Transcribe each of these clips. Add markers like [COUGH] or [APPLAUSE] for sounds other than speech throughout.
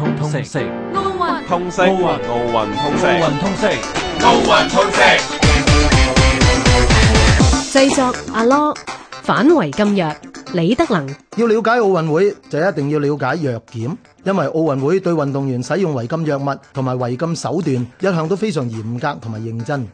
通通食，奧運，奧運，奧運，通識，奧運通識，奧運通識。製作阿 Lo 反違禁藥，李德能。要了解奧運會就一定要了解藥檢，因為奧運會對運動員使用違禁藥物同埋違禁手段，一向都非常嚴格同埋認真。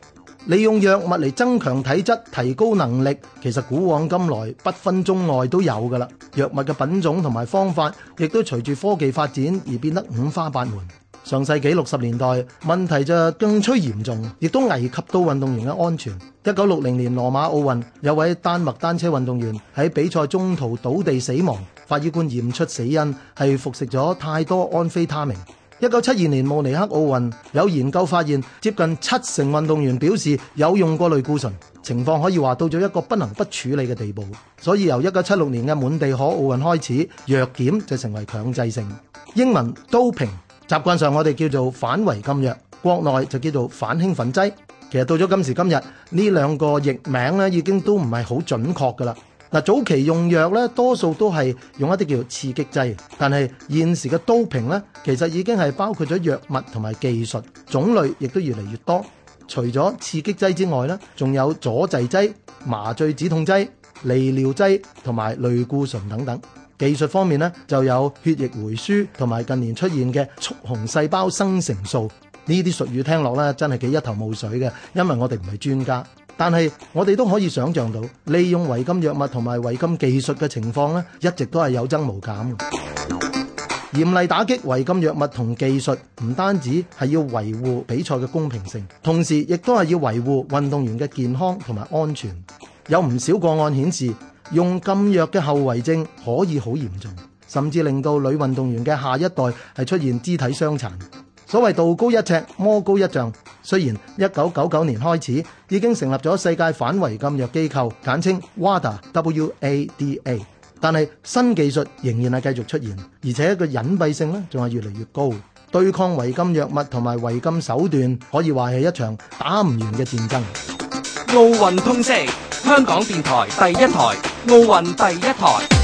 利用藥物嚟增強體質、提高能力，其實古往今來不分中外都有噶啦。藥物嘅品種同埋方法，亦都隨住科技發展而變得五花八門。上世紀六十年代問題就更趨嚴重，亦都危及到運動員嘅安全。一九六零年羅馬奧運有位丹麥單車運動員喺比賽中途倒地死亡，法醫官驗出死因係服食咗太多安非他命。一九七二年慕尼黑奧運，有研究發現，接近七成運動員表示有用過類固醇，情況可以話到咗一個不能不處理嘅地步。所以由一九七六年嘅滿地可奧運開始，藥檢就成為強制性。英文 doping 習慣上我哋叫做反違禁藥，國內就叫做反興奮劑。其實到咗今時今日，呢兩個譯名咧已經都唔係好準確噶啦。嗱，早期用藥咧，多數都係用一啲叫刺激劑，但係現時嘅刀平咧，其實已經係包括咗藥物同埋技術種類，亦都越嚟越多。除咗刺激劑之外咧，仲有阻滯劑、麻醉止痛劑、利尿劑同埋類固醇等等。技術方面咧，就有血液回輸同埋近年出現嘅促紅細胞生成素呢啲術語聽，聽落咧真係幾一頭霧水嘅，因為我哋唔係專家。但係，我哋都可以想像到，利用違禁藥物同埋違禁技術嘅情況咧，一直都係有增無減。嚴厲 [NOISE] 打擊違禁藥物同技術，唔單止係要維護比賽嘅公平性，同時亦都係要維護運動員嘅健康同埋安全。有唔少個案顯示，用禁藥嘅後遺症可以好嚴重，甚至令到女運動員嘅下一代係出現肢體傷殘。所謂道高一尺，魔高一丈。雖然一九九九年開始已經成立咗世界反違禁藥機構，簡稱 WADA，WADA，但係新技術仍然係繼續出現，而且個隱蔽性呢仲係越嚟越高。對抗違禁藥物同埋違禁手段，可以話係一場打唔完嘅戰爭。奧運通識，香港電台第一台，奧運第一台。